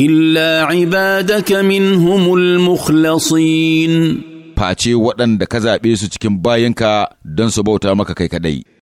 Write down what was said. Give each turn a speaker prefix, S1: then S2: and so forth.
S1: إلا عبادك منهم المخلصين face waɗanda ka zaɓe su cikin bayanka don su bauta maka kai kaɗai.